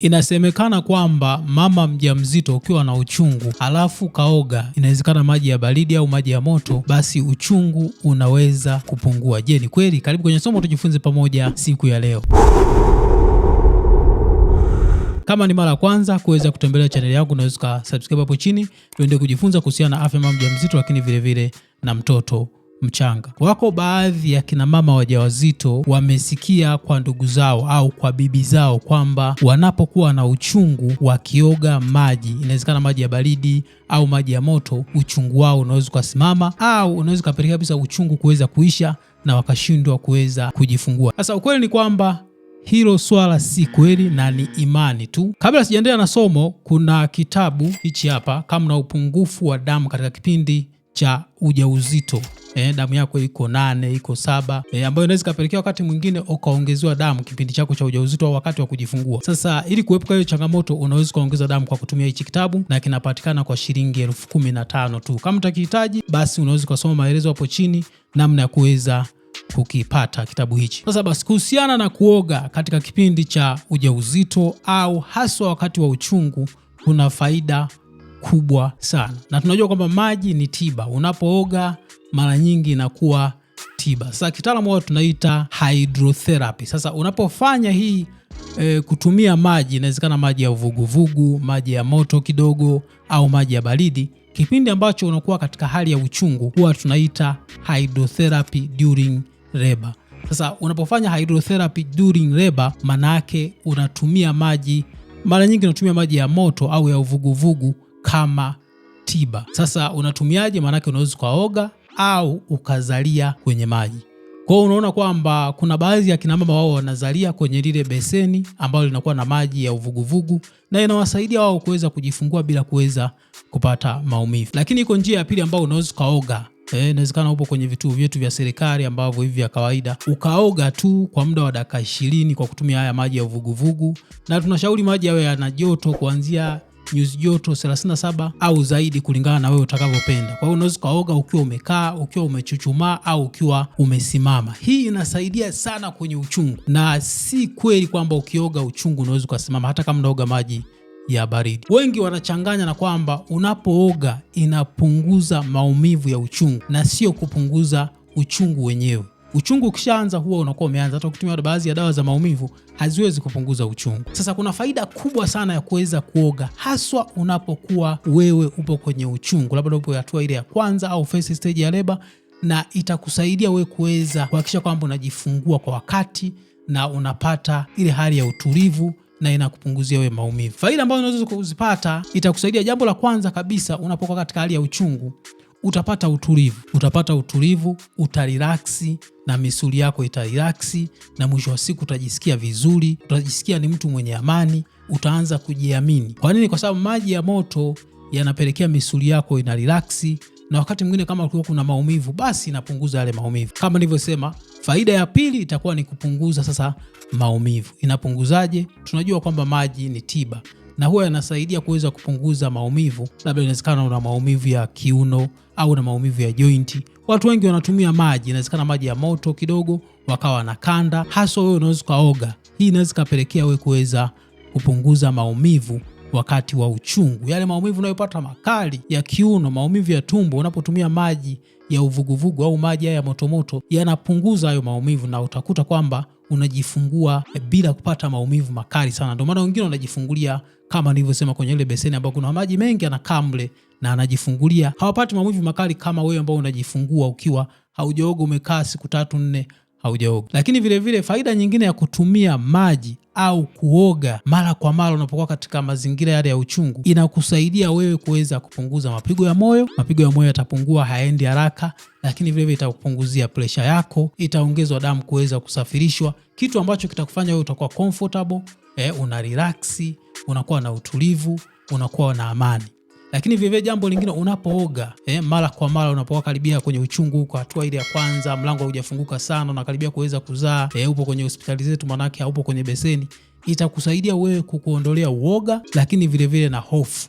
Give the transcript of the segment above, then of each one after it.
Inasemekana kwamba mama mjamzito ukiwa na uchungu halafu kaoga, inawezekana maji ya baridi au maji ya moto, basi uchungu unaweza kupungua. Je, ni kweli? Karibu kwenye somo tujifunze pamoja siku ya leo. Kama ni mara ya kwanza kuweza kutembelea chaneli yangu, unaweza subscribe hapo chini, tuende kujifunza kuhusiana na afya mama mjamzito, lakini vilevile vile na mtoto mchanga. Wako baadhi ya kinamama wajawazito wamesikia kwa ndugu zao au kwa bibi zao kwamba wanapokuwa na uchungu wakioga maji, inawezekana maji ya baridi au maji ya moto, uchungu wao unaweza ukasimama au unaweza ukapelekea kabisa uchungu kuweza kuisha na wakashindwa kuweza kujifungua. Sasa ukweli ni kwamba hilo swala si kweli na ni imani tu. Kabla sijaendelea na somo, kuna kitabu hichi hapa, kama na upungufu wa damu katika kipindi cha ujauzito E, damu yako iko nane iko saba e, ambayo inaweza ikapelekea wakati mwingine ukaongezewa damu kipindi chako cha ujauzito au wakati wa kujifungua. Sasa ili kuepuka hiyo changamoto, unaweza ukaongeza damu kwa kutumia hichi kitabu na kinapatikana kwa shilingi elfu kumi na tano tu. Kama utakihitaji, basi unaweza ukasoma maelezo hapo chini namna ya kuweza kukipata kitabu hichi. Sasa basi, kuhusiana na kuoga katika kipindi cha ujauzito au haswa wakati wa uchungu, kuna faida kubwa sana, na tunajua kwamba maji ni tiba. Unapooga mara nyingi inakuwa tiba. Sasa kitaalamu wao tunaita hydrotherapy. Sasa unapofanya hii e, kutumia maji, inawezekana maji ya uvuguvugu, maji ya moto kidogo, au maji ya baridi kipindi ambacho unakuwa katika hali ya uchungu huwa tunaita hydrotherapy during labor. Sasa unapofanya hydrotherapy during labor, maana yake unatumia maji, mara nyingi unatumia maji ya moto au ya uvuguvugu kama tiba. Sasa unatumiaje? Maanake unaweza ukaoga au ukazalia kwenye maji. Kwa hiyo unaona kwamba kuna baadhi ya kinamama wao wanazalia kwenye lile beseni ambalo linakuwa na maji ya uvuguvugu na inawasaidia wao kuweza kujifungua bila kuweza kupata maumivu. Lakini iko njia ya pili ambayo unaweza ukaoga eh, inawezekana upo kwenye vituo vyetu vya serikali ambavyo hivi vya kawaida, ukaoga tu kwa muda wa dakika ishirini kwa kutumia haya maji ya uvuguvugu, na tunashauri maji yawe yana joto kuanzia nyuzi joto 37 au zaidi, kulingana na wewe utakavyopenda. Kwa hiyo unaweza ukaoga ukiwa umekaa, ukiwa umechuchumaa au ukiwa umesimama. Hii inasaidia sana kwenye uchungu, na si kweli kwamba ukioga uchungu unaweza ukasimama, hata kama unaoga maji ya baridi. Wengi wanachanganya na kwamba unapooga inapunguza maumivu ya uchungu, na sio kupunguza uchungu wenyewe. Uchungu ukishaanza huwa unakuwa umeanza. Hata ukitumia baadhi ya dawa za maumivu haziwezi kupunguza uchungu. Sasa kuna faida kubwa sana ya kuweza kuoga, haswa unapokuwa wewe upo kwenye uchungu, labda upo hatua ile ya kwanza au first stage ya leba, na itakusaidia wewe kuweza kuhakikisha kwamba unajifungua kwa wakati na unapata ile hali ya utulivu na inakupunguzia wewe maumivu. Faida ambayo unaweza kuzipata itakusaidia, jambo la kwanza kabisa, unapokuwa katika hali ya uchungu utapata utulivu, utapata utulivu, utarilaksi na misuli yako itarilaksi, na mwisho wa siku utajisikia vizuri, utajisikia ni mtu mwenye amani, utaanza kujiamini. Kwa nini? Kwa sababu maji ya moto yanapelekea misuli yako ina rilaksi, na wakati mwingine kama ulikuwa kuna maumivu, basi inapunguza yale maumivu. Kama nilivyosema, faida ya pili itakuwa ni kupunguza sasa maumivu. Inapunguzaje? Tunajua kwamba maji ni tiba na huwa yanasaidia kuweza kupunguza maumivu. Labda inawezekana una maumivu ya kiuno au na maumivu ya jointi, Watu wengi wanatumia maji, inawezekana maji ya moto kidogo, wakawa na kanda haswa wewe unaweza ukaoga. Hii inaweza ikapelekea wewe kuweza kupunguza maumivu wakati wa uchungu, yale maumivu unayopata makali ya kiuno, maumivu ya tumbo, unapotumia maji ya uvuguvugu au maji haya ya motomoto yanapunguza hayo maumivu, na utakuta kwamba unajifungua bila kupata maumivu makali sana. Ndio maana wengine wanajifungulia kama nilivyosema, kwenye ile beseni ambayo kuna maji mengi yanakaa mle na anajifungulia, hawapati maumivu makali kama wewe ambao unajifungua ukiwa haujaoga, umekaa siku tatu nne haujaoga. Lakini vilevile faida nyingine ya kutumia maji au kuoga mara kwa mara unapokuwa katika mazingira yale ya uchungu, inakusaidia wewe kuweza kupunguza mapigo ya moyo. Mapigo ya moyo yatapungua, hayaendi haraka, lakini vilevile itakupunguzia presha yako, itaongezwa damu kuweza kusafirishwa, kitu ambacho kitakufanya wewe utakuwa comfortable, eh, una relax, unakuwa na utulivu, unakuwa na amani. Lakini vivyo jambo lingine unapooga eh, mara kwa mara unapokuwa karibia kwenye uchungu kwa hatua ile ya kwanza, mlango haujafunguka sana, unakaribia kuweza kuzaa eh, upo kwenye hospitali zetu, manake haupo kwenye beseni, itakusaidia wewe kukuondolea uoga, lakini vile vile na hofu.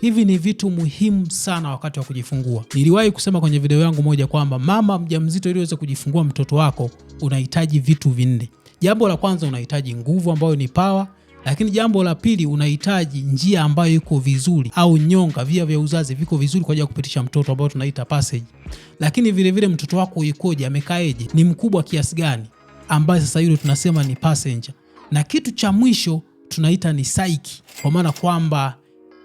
Hivi ni vitu muhimu sana wakati wa kujifungua. Niliwahi kusema kwenye video yangu moja kwamba mama mjamzito, ili uweze kujifungua mtoto wako unahitaji vitu vinne. Jambo la kwanza unahitaji nguvu ambayo ni pawa lakini jambo la pili, unahitaji njia ambayo iko vizuri au nyonga, via vya uzazi viko vizuri kwa ajili ya kupitisha mtoto ambao tunaita passage. Lakini vile vile mtoto wako ikoje, amekaeje, ni mkubwa kiasi gani, ambaye sasa yule tunasema ni passenger. Na kitu cha mwisho tunaita ni psyche, kwa maana kwamba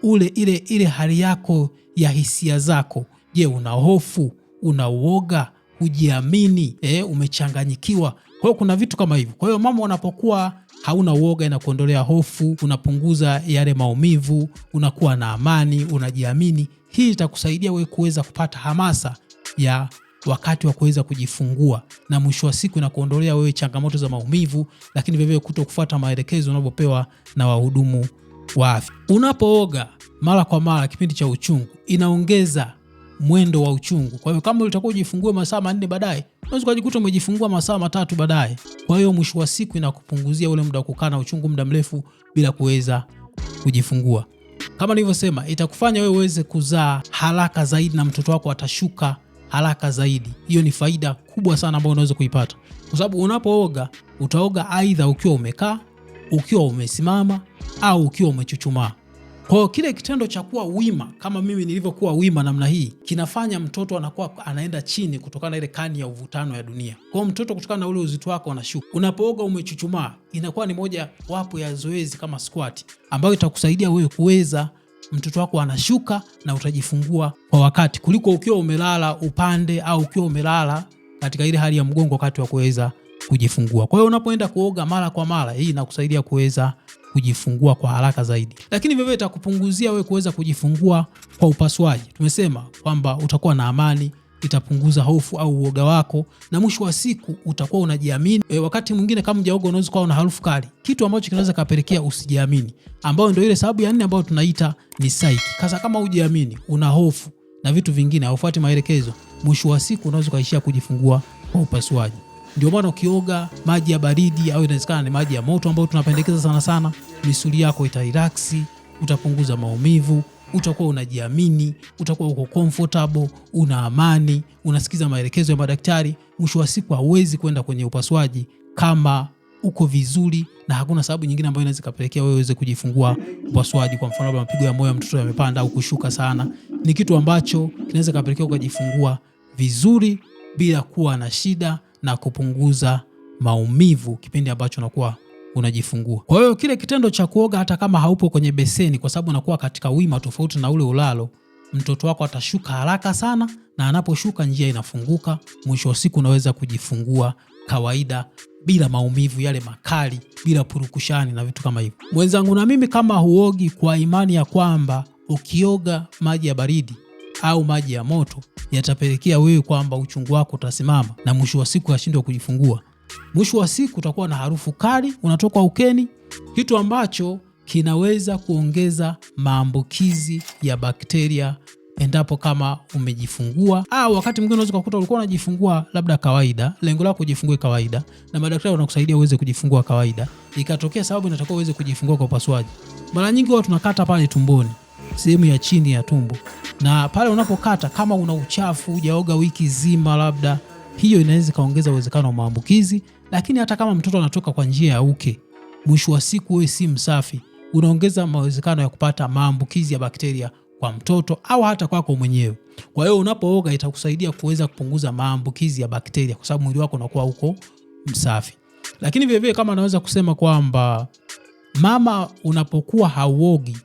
ule ile ile hali yako ya hisia zako. Je, una hofu, una uoga, hujiamini, eh, umechanganyikiwa? Kwa hiyo kuna vitu kama hivyo. Kwa hiyo mama unapokuwa hauna uoga, inakuondolea hofu, unapunguza yale maumivu, unakuwa na amani, unajiamini. Hii itakusaidia wewe kuweza kupata hamasa ya wakati wa kuweza kujifungua na mwisho wa siku inakuondolea wewe changamoto za maumivu, lakini vilevile kuto kufuata maelekezo unavyopewa na wahudumu wa afya. Unapooga mara kwa mara kipindi cha uchungu, inaongeza mwendo wa uchungu. Kwa hiyo kama ulitakuwa ujifungue masaa manne baadaye, unaweza ukajikuta umejifungua masaa matatu baadaye. Kwa hiyo mwisho wa siku inakupunguzia ule muda wa kukaa na uchungu muda mrefu bila kuweza kujifungua. Kama nilivyosema, itakufanya wewe uweze kuzaa haraka zaidi na mtoto wako atashuka haraka zaidi. Hiyo ni faida kubwa sana ambayo unaweza kuipata, kwa sababu unapooga utaoga aidha ukiwa umekaa, ukiwa umesimama au ukiwa umechuchumaa. Kwa hiyo kile kitendo cha kuwa wima kama mimi nilivyokuwa wima namna hii kinafanya mtoto anakuwa anaenda chini kutokana na ile kani ya uvutano ya dunia. Kwa mtoto kutokana na ule uzito wake anashuka. Unapooga umechuchumaa, inakuwa ni moja wapo ya zoezi kama squat ambayo itakusaidia wewe kuweza mtoto wako anashuka na utajifungua kwa wakati kuliko ukiwa umelala upande au ukiwa umelala katika ile hali ya mgongo wakati wa kuweza kujifungua. Kwa hiyo unapoenda kuoga mara kwa mara, hii inakusaidia kuweza kujifungua kwa haraka zaidi, lakini vivyo itakupunguzia wewe kuweza kujifungua kwa upasuaji. Tumesema kwamba utakuwa na amani, itapunguza hofu au uoga wako, na mwisho wa siku utakuwa unajiamini. E, wakati mwingine kama mjaoga unaweza kuwa na harufu kali, kitu ambacho kinaweza kapelekea usijiamini, ambayo ndio ile sababu ya nne ambayo tunaita ni psyche. Kasa kama hujiamini, una hofu na vitu vingine, haufuati maelekezo, mwisho wa siku unaweza ukaishia kujifungua kwa upasuaji. Ndio maana ukioga maji ya baridi au inawezekana ni maji ya moto ambayo tunapendekeza sana sana, misuli yako itairaksi utapunguza maumivu, utakuwa unajiamini, utakuwa uko comfortable, una amani, unasikiza maelekezo ya madaktari. Mwisho wa siku hauwezi kwenda kwenye upasuaji kama uko vizuri na hakuna sababu nyingine ambayo inaweza kupelekea wewe uweze kujifungua upasuaji. Kwa mfano, labda mapigo ya moyo ya mtoto yamepanda au kushuka sana, ni kitu ambacho kinaweza kupelekea ukajifungua vizuri bila kuwa na shida na kupunguza maumivu kipindi ambacho unakuwa unajifungua. Kwa hiyo kile kitendo cha kuoga hata kama haupo kwenye beseni, kwa sababu unakuwa katika wima tofauti na ule ulalo, mtoto wako atashuka haraka sana, na anaposhuka njia inafunguka. Mwisho wa siku unaweza kujifungua kawaida bila maumivu yale makali, bila purukushani na vitu kama hivyo. Mwenzangu na mimi, kama huogi kwa imani ya kwamba ukioga maji ya baridi au maji ya moto yatapelekea wewe kwamba uchungu wako utasimama na mwisho wa siku yashindwa kujifungua. Mwisho wa siku utakuwa na harufu kali unatoka ukeni, kitu ambacho kinaweza kuongeza maambukizi ya bakteria endapo kama umejifungua au wakati mwingine unaweza kukuta ulikuwa unajifungua labda kawaida, lengo lako kujifungue kawaida, na madaktari wanakusaidia uweze kujifungua kawaida, ikatokea sababu inatakiwa uweze kujifungua kwa upasuaji. Mara nyingi huwa tunakata pale tumboni sehemu ya chini ya tumbo, na pale unapokata kama una uchafu hujaoga wiki zima, labda hiyo inaweza ikaongeza uwezekano wa maambukizi. Lakini hata kama mtoto anatoka kwa njia ya uke, mwisho wa siku wewe si msafi, unaongeza mawezekano ya kupata maambukizi ya bakteria kwa mtoto au hata kwako mwenyewe. Kwa hiyo unapooga itakusaidia kuweza kupunguza maambukizi ya bakteria, kwa sababu mwili wako unakuwa uko msafi. Lakini vilevile kama naweza kusema kwamba mama unapokuwa hauogi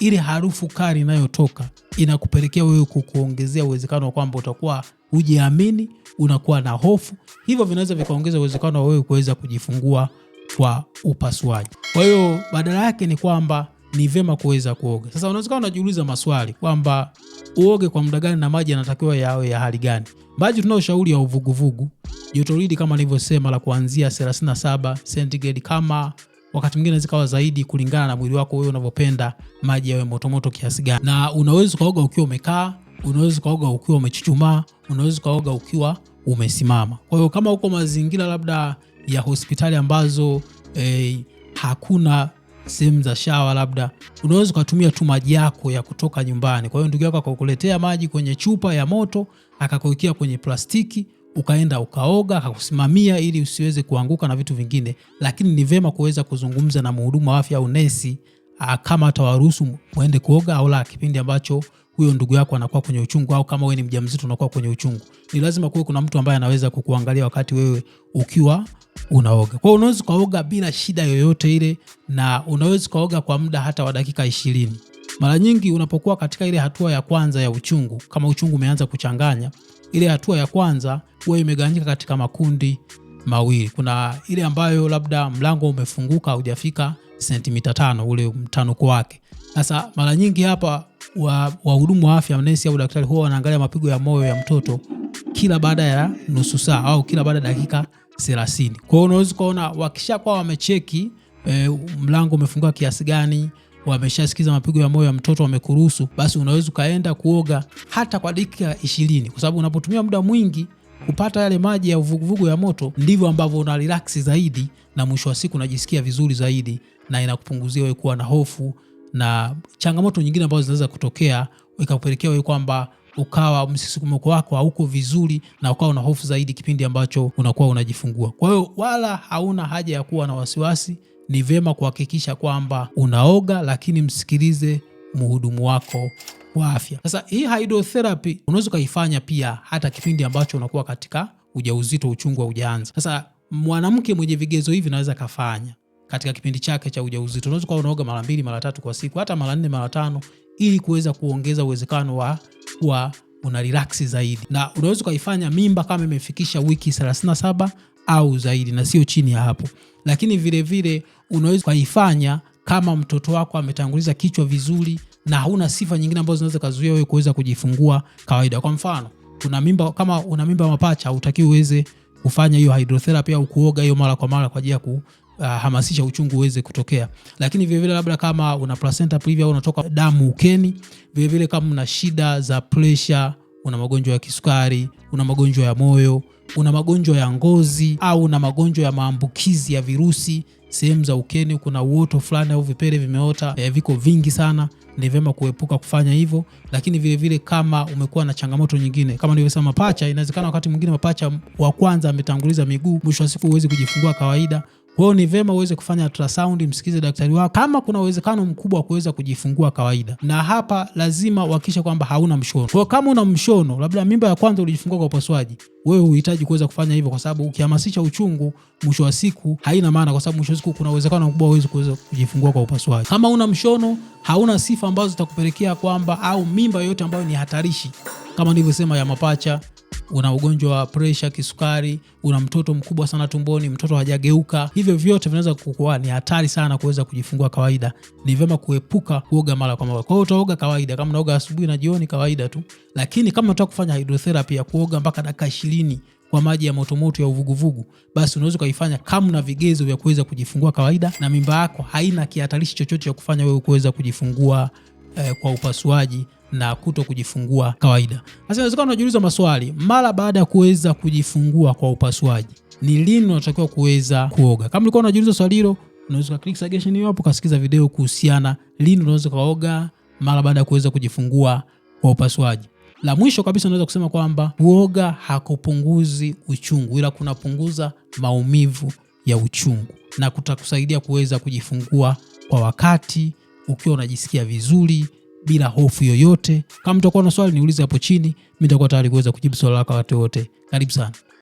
ile harufu kali inayotoka inakupelekea wewe kukuongezea uwezekano wa kwamba utakuwa hujiamini, unakuwa na hofu, hivyo vinaweza vikaongeza uwezekano wa wewe kuweza kujifungua kwa upasuaji. Kwa hiyo badala yake ni kwamba ni vyema kuweza kuoga. Sasa unaweza unajiuliza maswali kwamba uoge kwa muda gani na maji yanatakiwa yawe ya hali gani? Maji tunao ushauri ya uvuguvugu jotoridi kama nilivyosema la kuanzia 37 sentigredi kama wakati mwingine zikawa zaidi kulingana na mwili wako wewe unavyopenda maji yawe motomoto kiasi gani. Na unaweza ukaoga ukiwa umekaa, unaweza ukaoga ukiwa umechuchumaa, unaweza ukaoga ukiwa umesimama. Kwa hiyo kama uko mazingira labda ya hospitali ambazo eh, hakuna sehemu za shawa, labda unaweza ukatumia tu maji yako ya kutoka nyumbani. Kwa hiyo ndugu yako akakuletea maji kwenye chupa ya moto akakuwekea kwenye plastiki ukaenda ukaoga akakusimamia ili usiweze kuanguka na vitu vingine, lakini ni vema kuweza kuzungumza na mhudumu wa afya au nesi ah, kama atawaruhusu muende kuoga au la, kipindi ambacho huyo ndugu yako anakuwa kwenye uchungu, au kama wewe ni mjamzito unakuwa kwenye uchungu, ni lazima kuwe kuna mtu ambaye anaweza kukuangalia wakati wewe ukiwa unaoga. Kwa hiyo unaweza kuoga bila shida yoyote ile, na unaweza kuoga kwa muda hata wa dakika ishirini. Mara nyingi unapokuwa katika ile hatua ya kwanza ya uchungu, kama uchungu umeanza kuchanganya, ile hatua ya kwanza huwa imegawanyika katika makundi mawili. Kuna ile ambayo labda mlango umefunguka haujafika sentimita tano, ule mtanuko wake. Sasa mara nyingi hapa wahudumu wa afya, nesi au daktari, huwa wanaangalia mapigo ya moyo ya mtoto kila baada ya nusu saa au kila baada ya dakika 30. Kwa hiyo unaweza ukaona wakishakuwa wamecheki e, mlango umefunguka kiasi gani wameshasikiza mapigo ya moyo ya mtoto wamekuruhusu, basi unaweza ukaenda kuoga hata kwa dakika ishirini, kwa sababu unapotumia muda mwingi kupata yale maji ya uvuguvugu ya moto, ndivyo ambavyo una relax zaidi, na mwisho wa siku unajisikia vizuri zaidi, na inakupunguzia wewe kuwa na hofu na changamoto nyingine ambazo zinaweza kutokea ikakupelekea wewe kwamba ukawa msisimko wako hauko vizuri na ukawa una hofu zaidi kipindi ambacho unakuwa unajifungua. Kwa hiyo wala hauna haja ya kuwa na wasiwasi ni vyema kuhakikisha kwamba unaoga, lakini msikilize mhudumu wako wa afya. Sasa hii hydrotherapy unaweza ukaifanya pia hata kipindi ambacho unakuwa katika ujauzito, uchungu wa ujaanza. Sasa mwanamke mwenye vigezo hivi naweza kafanya katika kipindi chake cha ujauzito. Unaweza kuwa unaoga mara mbili mara tatu kwa siku, hata mara nne mara tano, ili kuweza kuongeza uwezekano wa kuwa una relax zaidi, na unaweza ukaifanya mimba kama imefikisha wiki 37 au zaidi na sio chini ya hapo. Lakini vilevile unaweza ukaifanya kama mtoto wako ametanguliza kichwa vizuri na hauna sifa nyingine ambazo zinaweza kuzuia wewe kuweza kujifungua kawaida. Kwa mfano, una mimba, kama una mimba mapacha, hutakiwi uweze kufanya hiyo hydrotherapy au kuoga hiyo mara kwa mara kwa ajili ya kuhamasisha Uh, uchungu uweze kutokea. Lakini vile vile labda kama una placenta previa au unatoka damu ukeni, vile vile kama una shida za pressure una magonjwa ya kisukari, una magonjwa ya moyo, una magonjwa ya ngozi au una magonjwa ya maambukizi ya virusi, sehemu za ukeni kuna uoto fulani au vipele vimeota, e, viko vingi sana, ni vyema kuepuka kufanya hivyo. Lakini vilevile kama umekuwa na changamoto nyingine kama nilivyosema, mapacha, inawezekana wakati mwingine mapacha wa kwanza ametanguliza miguu, mwisho wa siku huwezi kujifungua kawaida kwao ni vema uweze kufanya ultrasound, msikize daktari wako kama kuna uwezekano mkubwa wa kuweza kujifungua kawaida. Na hapa lazima uhakikishe kwamba hauna mshono. Kwa kama una mshono, labda mimba ya kwanza ulijifungua kwa upasuaji, wewe huhitaji kuweza kufanya hivyo, kwa sababu ukihamasisha uchungu, mwisho wa siku haina maana, kwa sababu mwisho wa siku kuna uwezekano mkubwa uweze kuweza kujifungua kwa upasuaji. Kama una mshono, hauna sifa ambazo zitakupelekea kwamba, au mimba yoyote ambayo ni hatarishi kama nilivyosema, ya mapacha una ugonjwa wa presha, kisukari, una mtoto mkubwa sana tumboni, mtoto hajageuka, hivyo vyote vinaweza kukuwa ni hatari sana kuweza kujifungua kawaida. Ni vyema kuepuka kuoga mara kwa mara. Kwa hiyo utaoga kawaida, kama unaoga asubuhi na jioni kawaida tu, lakini kama unataka kufanya hydrotherapy ya kuoga mpaka dakika ishirini kwa maji ya motomoto ya uvuguvugu, basi unaweza ukaifanya kama na vigezo vya kuweza kujifungua kawaida, na mimba yako haina kihatarishi chochote cha kufanya wewe kuweza kujifungua eh, kwa upasuaji na kuto kujifungua kawaida. Sasa inawezekana unajiuliza maswali, mara baada ya kuweza kujifungua kwa upasuaji, ni lini unatakiwa kuweza kuoga? Kama ulikuwa unajiuliza swali hilo, unaweza click suggestion hiyo hapo, kasikiza video kuhusiana lini unaweza kuoga mara baada ya kuweza kujifungua kwa upasuaji. La mwisho kabisa unaweza kusema kwamba kuoga hakupunguzi uchungu, ila kunapunguza maumivu ya uchungu na kutakusaidia kuweza kujifungua kwa wakati ukiwa unajisikia vizuri bila hofu yoyote. Kama mtakuwa na swali niulize hapo chini, mimi nitakuwa tayari kuweza kujibu swali lako wakati wote. Karibu sana.